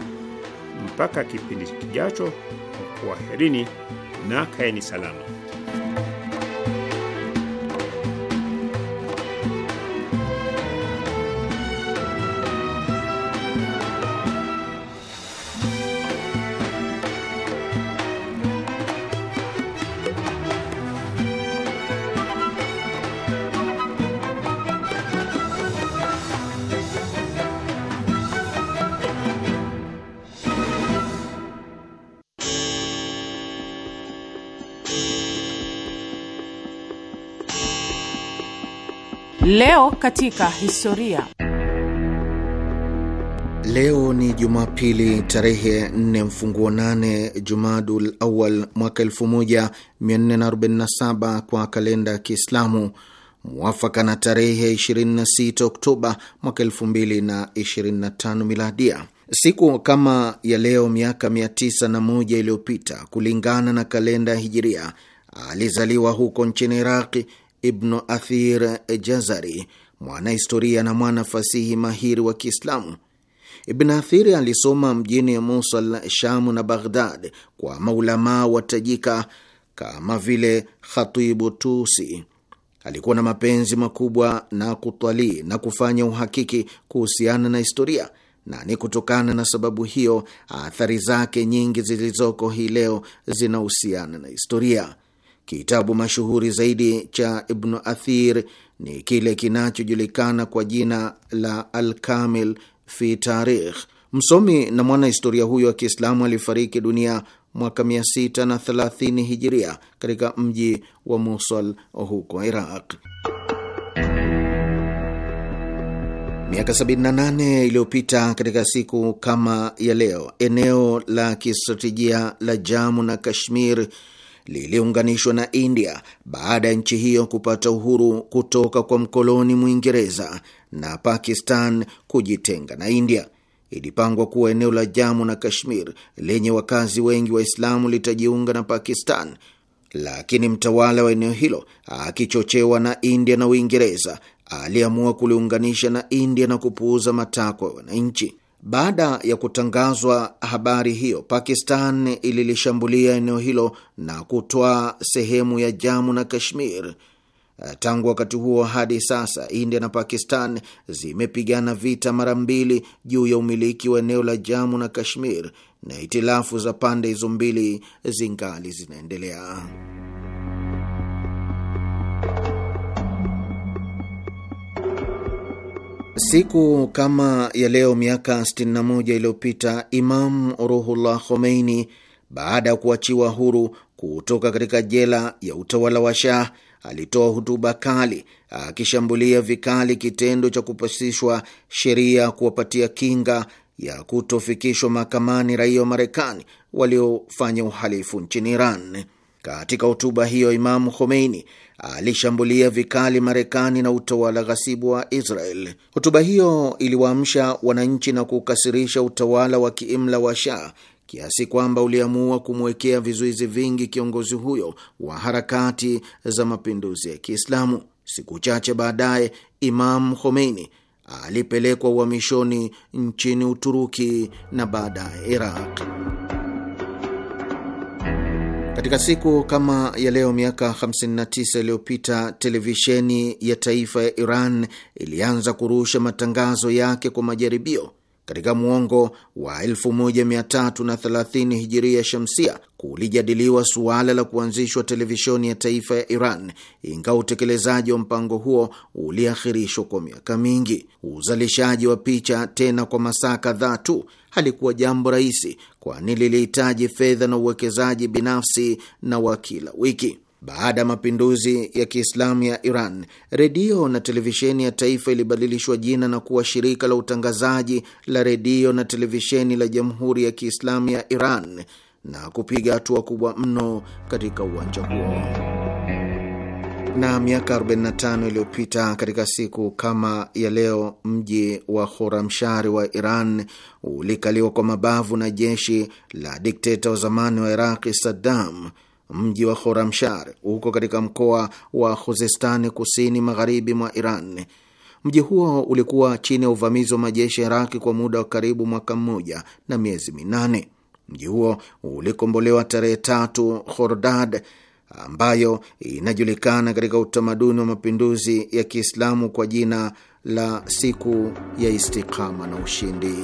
Mpaka kipindi kijacho, kwaherini na kaeni salama. Leo katika historia. Leo ni Jumapili tarehe 4 mfunguo 8 Jumadul Awal mwaka 1447 kwa kalenda ya Kiislamu, mwafaka na tarehe 26 Oktoba mwaka 2025 miladia. Siku kama ya leo miaka 901 iliyopita kulingana na kalenda hijiria, alizaliwa huko nchini Iraqi Ibnu Athir Jazari, mwanahistoria na mwana fasihi mahiri wa Kiislamu. Ibn Athiri alisoma mjini musal Shamu na Baghdad kwa maulamaa watajika kama vile Khatibu Tusi. Alikuwa na mapenzi makubwa na kutwalii na kufanya uhakiki kuhusiana na historia, na ni kutokana na sababu hiyo athari zake nyingi zilizoko hii leo zinahusiana na historia. Kitabu mashuhuri zaidi cha Ibnu Athir ni kile kinachojulikana kwa jina la Alkamil fi Tarikh. Msomi na mwanahistoria huyo wa Kiislamu alifariki dunia mwaka 630 hijiria katika mji wa Mosul huko Iraq. Miaka 78 iliyopita katika siku kama ya leo, eneo la kistratejia la Jamu na Kashmir liliunganishwa na India baada ya nchi hiyo kupata uhuru kutoka kwa mkoloni Mwingereza na Pakistan kujitenga na India. Ilipangwa kuwa eneo la Jamu na Kashmir lenye wakazi wengi Waislamu litajiunga na Pakistan, lakini mtawala wa eneo hilo akichochewa na India na Uingereza aliamua kuliunganisha na India na kupuuza matakwa ya wananchi. Baada ya kutangazwa habari hiyo, Pakistan ililishambulia eneo hilo na kutoa sehemu ya Jamu na Kashmir. Tangu wakati huo hadi sasa, India na Pakistan zimepigana vita mara mbili juu ya umiliki wa eneo la Jamu na Kashmir, na hitilafu za pande hizo mbili zingali zinaendelea. Siku kama ya leo miaka 61 iliyopita Imam Ruhullah Khomeini, baada ya kuachiwa huru kutoka katika jela ya utawala wa Shah, alitoa hotuba kali akishambulia vikali kitendo cha kupasishwa sheria kuwapatia kinga ya kutofikishwa mahakamani raia wa Marekani waliofanya uhalifu nchini Iran. Katika hotuba hiyo, Imamu Khomeini alishambulia vikali Marekani na utawala ghasibu wa Israel. Hotuba hiyo iliwaamsha wananchi na kukasirisha utawala wa kiimla wa Shah kiasi kwamba uliamua kumwekea vizuizi vingi kiongozi huyo wa harakati za mapinduzi ya Kiislamu. Siku chache baadaye, Imam Khomeini alipelekwa uhamishoni nchini Uturuki na baadaye Iraq. Katika siku kama ya leo miaka 59 iliyopita televisheni ya taifa ya Iran ilianza kurusha matangazo yake kwa majaribio katika mwongo wa 1330 hijiria shamsia, kulijadiliwa suala la kuanzishwa televisheni ya taifa ya Iran, ingawa utekelezaji wa mpango huo uliahirishwa kwa miaka mingi. Uzalishaji wa picha tena kwa masaa kadhaa tu halikuwa jambo rahisi, kwani lilihitaji fedha na uwekezaji binafsi na wa kila wiki. Baada ya mapinduzi ya Kiislamu ya Iran, redio na televisheni ya taifa ilibadilishwa jina na kuwa shirika la utangazaji la redio na televisheni la Jamhuri ya Kiislamu ya Iran na kupiga hatua kubwa mno katika uwanja huo. Na miaka 45 iliyopita katika siku kama ya leo, mji wa Khorramshahr wa Iran ulikaliwa kwa mabavu na jeshi la dikteta wa zamani wa Iraqi, Saddam. Mji wa Khorramshahr uko katika mkoa wa Khuzestani, kusini magharibi mwa Iran. Mji huo ulikuwa chini ya uvamizi wa majeshi ya Iraqi kwa muda wa karibu mwaka mmoja na miezi minane. Mji huo ulikombolewa tarehe tatu Khordad ambayo inajulikana katika utamaduni wa mapinduzi ya Kiislamu kwa jina la siku ya istikama na ushindi.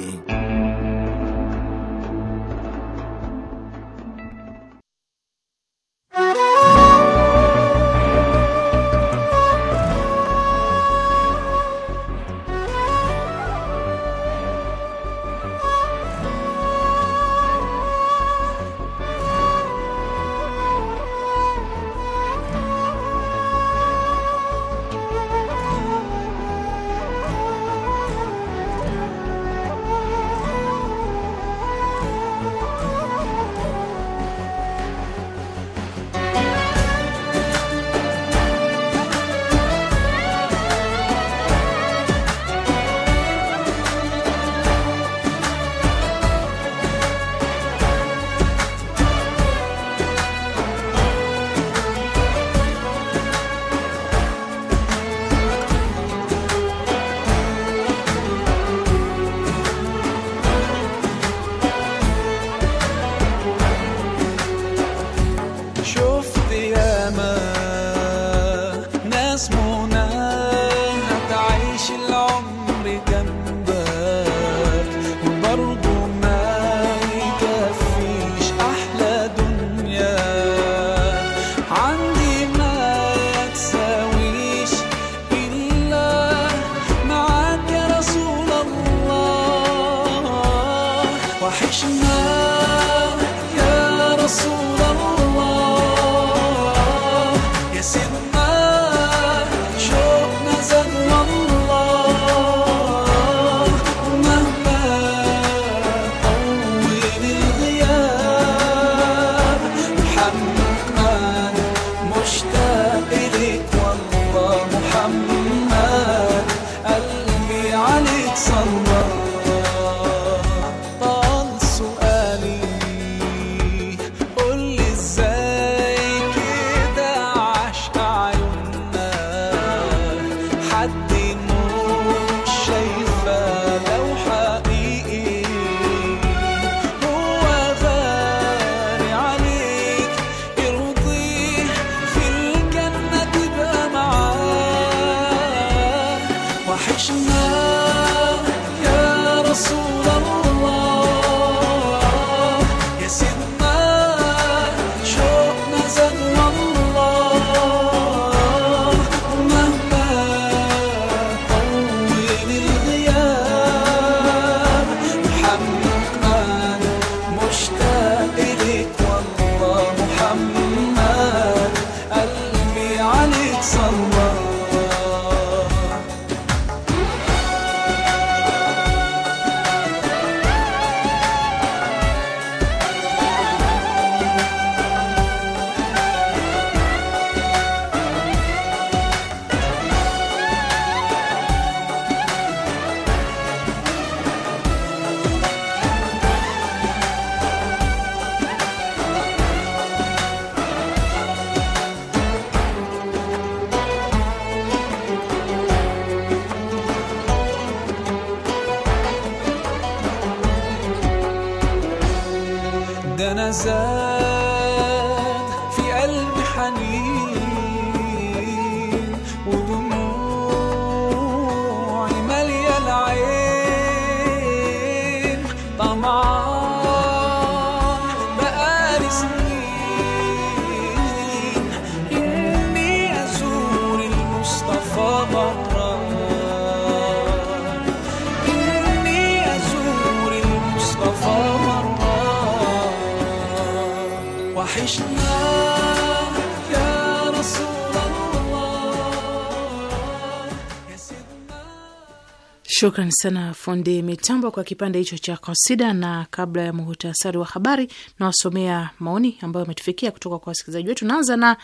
Shukran sana fundi mitambo kwa kipande hicho cha kosida, na kabla ya muhutasari wa habari nawasomea maoni ambayo ametufikia kutoka kwa wasikilizaji wetu. Naanza na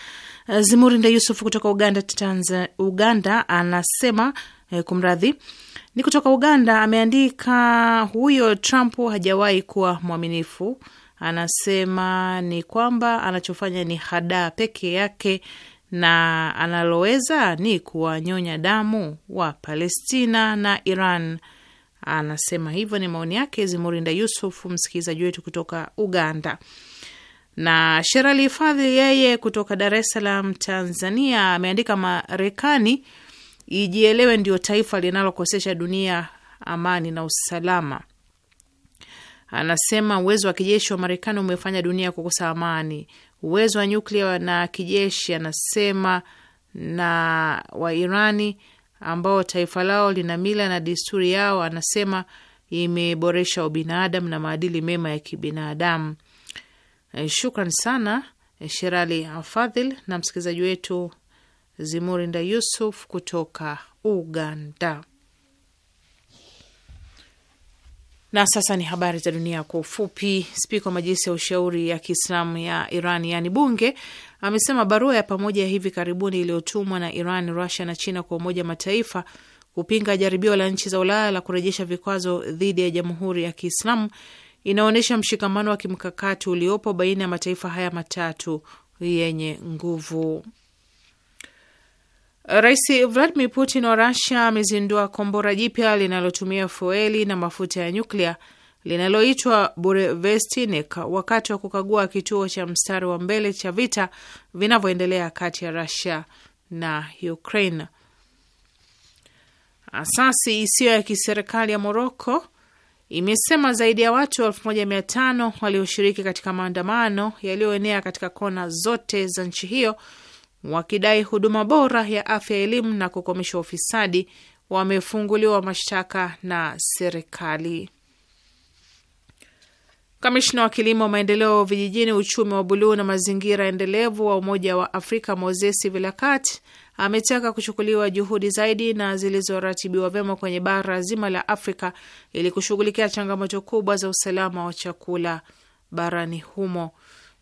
eh, Zimurinde Yusuf kutoka Uganda, Tanzania. Uganda anasema eh, kumradhi ni kutoka Uganda. Ameandika huyo Trump hajawahi kuwa mwaminifu anasema ni kwamba anachofanya ni hadaa peke yake na analoweza ni kuwanyonya damu wa Palestina na Iran. Anasema hivyo ni maoni yake Zimurinda Yusuf, msikilizaji wetu kutoka Uganda. Na Sherali Fadhili yeye kutoka Dar es Salaam, Tanzania, ameandika Marekani ijielewe ndio taifa linalokosesha dunia amani na usalama. Anasema uwezo wa kijeshi wa Marekani umefanya dunia kukosa amani. Uwezo wa nyuklia na kijeshi, anasema na wa Irani ambao taifa lao lina mila na desturi yao, anasema imeboresha ubinadamu na maadili mema ya kibinadamu. E, shukran sana e, Sherali Afadhil na msikilizaji wetu zimurinda Yusuf kutoka Uganda. Na sasa ni habari za dunia kwa ufupi. Spika wa Majlisi ya Ushauri ya Kiislamu ya Iran yaani bunge amesema barua ya pamoja ya hivi karibuni iliyotumwa na Iran, Rusia na China kwa Umoja Mataifa kupinga jaribio la nchi za Ulaya la kurejesha vikwazo dhidi ya Jamhuri ya Kiislamu inaonyesha mshikamano wa kimkakati uliopo baina ya mataifa haya matatu yenye nguvu. Rais Vladimir Putin wa Rusia amezindua kombora jipya linalotumia fueli na mafuta ya nyuklia linaloitwa Burevestnik wakati wa kukagua kituo cha mstari wa mbele cha vita vinavyoendelea kati ya Rusia na Ukraine. Asasi isiyo ya kiserikali ya Moroko imesema zaidi ya watu 15 walioshiriki katika maandamano yaliyoenea katika kona zote za nchi hiyo wakidai huduma bora ya afya, elimu na kukomesha ufisadi wamefunguliwa mashtaka na serikali. Kamishna wa kilimo, maendeleo vijijini, uchumi wa buluu na mazingira endelevu wa Umoja wa Afrika Moses Vilakat ametaka kuchukuliwa juhudi zaidi na zilizoratibiwa vyema kwenye bara zima la Afrika ili kushughulikia changamoto kubwa za usalama wa chakula barani humo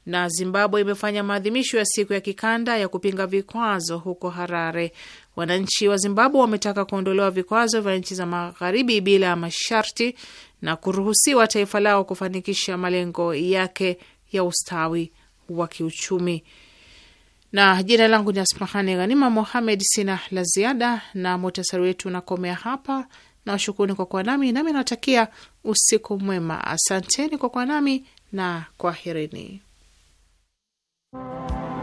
na Zimbabwe imefanya maadhimisho ya siku ya kikanda ya kupinga vikwazo huko Harare. Wananchi wa Zimbabwe wametaka kuondolewa vikwazo vya nchi za magharibi bila ya masharti na kuruhusiwa taifa lao kufanikisha malengo yake ya ustawi wa kiuchumi. Na jina langu ni Asmahani Ghanima Mohamed. Sina la ziada na muhtasari wetu unakomea hapa, Nawashukuruni kwa kuwa nami nami, natakia usiku mwema. Asanteni kwa kuwa nami na kwaherini. Thank you.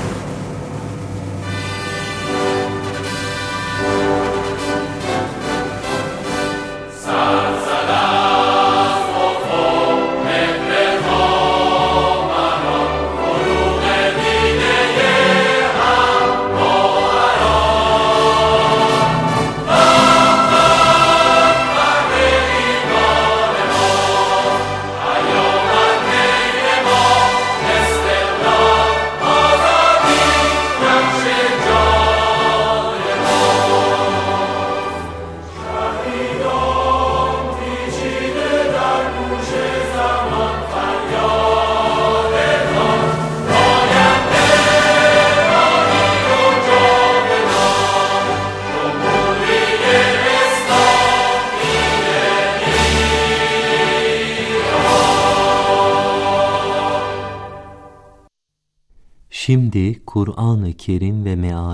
Şimdi Kur'an-ı Kerim ve meali